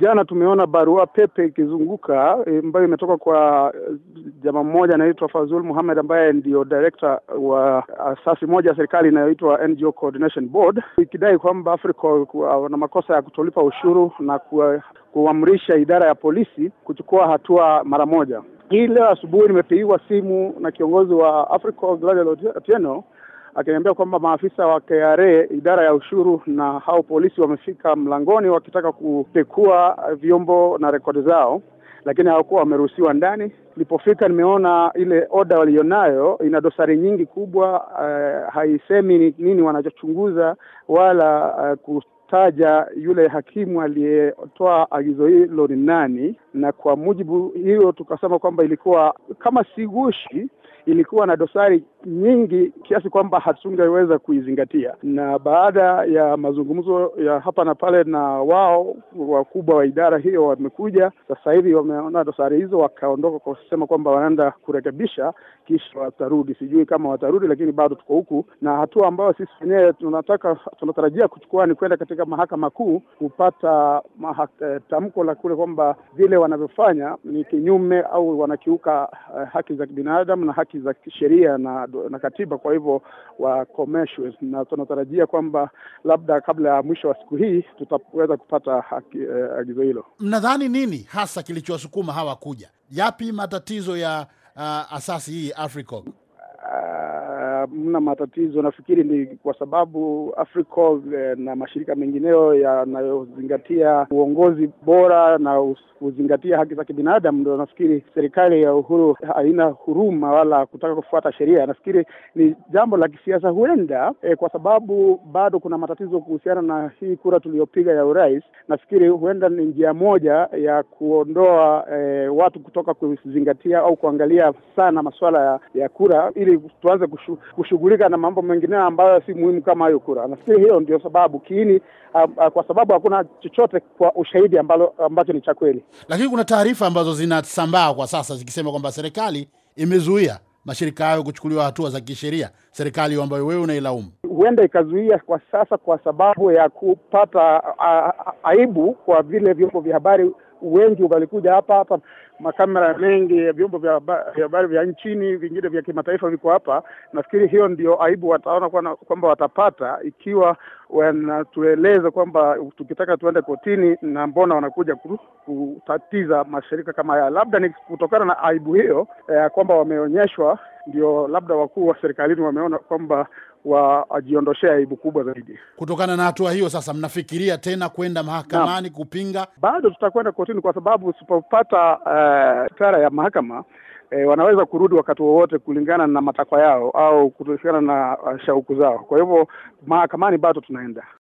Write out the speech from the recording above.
Jana tumeona barua pepe ikizunguka eh, ambayo imetoka kwa eh, jamaa mmoja anaitwa Fazul Muhammad ambaye ndio director wa asasi moja ya serikali inayoitwa NGO Coordination Board ikidai kwamba Africa wana makosa ya kutolipa ushuru na kuamrisha idara ya polisi kuchukua hatua mara moja. Hii leo asubuhi nimepigiwa simu na kiongozi wa Africa Gladwell Otieno akiniambia kwamba maafisa wa KRA idara ya ushuru na hao polisi wamefika mlangoni wakitaka kupekua vyombo na rekodi zao, lakini hawakuwa wameruhusiwa ndani. Nilipofika nimeona ile oda walionayo ina dosari nyingi kubwa. Uh, haisemi nini wanachochunguza wala uh, taja yule hakimu aliyetoa agizo hilo ni nani, na kwa mujibu hiyo tukasema kwamba ilikuwa kama si gushi ilikuwa na dosari nyingi kiasi kwamba hatungeweza kuizingatia. Na baada ya mazungumzo ya hapa na pale na wao, wakubwa wa idara hiyo wamekuja sasa hivi, wameona dosari hizo, wakaondoka kwa kusema kwamba wanaenda kurekebisha, kisha watarudi. Sijui kama watarudi, lakini bado tuko huku, na hatua ambayo sisi wenyewe tunataka tunatarajia kuchukua ni kwenda katika katika mahakama kuu kupata mahaka, eh, tamko la kule kwamba vile wanavyofanya ni kinyume au wanakiuka eh, haki za kibinadamu na haki za sheria na, na katiba, kwa hivyo wakomeshwe, na tunatarajia kwamba labda kabla ya mwisho wa siku hii tutaweza kupata haki, eh, agizo hilo. Mnadhani nini hasa kilichowasukuma hawa kuja? Yapi matatizo ya uh, asasi hii Africog? hamna matatizo. Nafikiri ni kwa sababu Africa eh, na mashirika mengineyo yanayozingatia uongozi bora na kuzingatia haki za kibinadamu, ndo nafikiri serikali ya Uhuru haina huruma wala kutaka kufuata sheria. Nafikiri ni jambo la kisiasa huenda, eh, kwa sababu bado kuna matatizo kuhusiana na hii kura tuliyopiga ya urais. Nafikiri huenda ni njia moja ya kuondoa eh, watu kutoka kuzingatia au kuangalia sana masuala ya, ya kura ili tuanze kushu kushughulika na mambo mengine ambayo si muhimu kama hiyo kura. Nafikiri hiyo ndio sababu kiini, kwa sababu hakuna chochote kwa ushahidi ambalo ambacho ni cha kweli. Lakini kuna taarifa ambazo zinasambaa kwa sasa zikisema kwamba serikali imezuia mashirika hayo kuchukuliwa hatua za kisheria, serikali ambayo wewe unailaumu huenda ikazuia kwa sasa kwa sababu ya kupata a, a, aibu kwa vile vyombo vya habari wengi walikuja hapa hapa, makamera mengi ya vyombo vya habari vya nchini, vingine vya kimataifa viko hapa. Nafikiri hiyo ndio aibu wataona kwamba watapata ikiwa wanatueleza kwamba tukitaka tuende kotini, na mbona wanakuja kutatiza mashirika kama haya. Labda ni kutokana na aibu hiyo ya eh, kwamba wameonyeshwa ndio labda wakuu wa serikalini wameona kwamba wajiondoshea aibu kubwa zaidi. Kutokana na hatua hiyo, sasa mnafikiria tena kwenda mahakamani na kupinga? Bado tutakwenda kotini, kwa sababu usipopata itara eh, uh, ya mahakama E, wanaweza kurudi wakati wowote kulingana na matakwa yao au kulingana na eh, shauku zao. Kwa hivyo mahakamani bado tunaenda.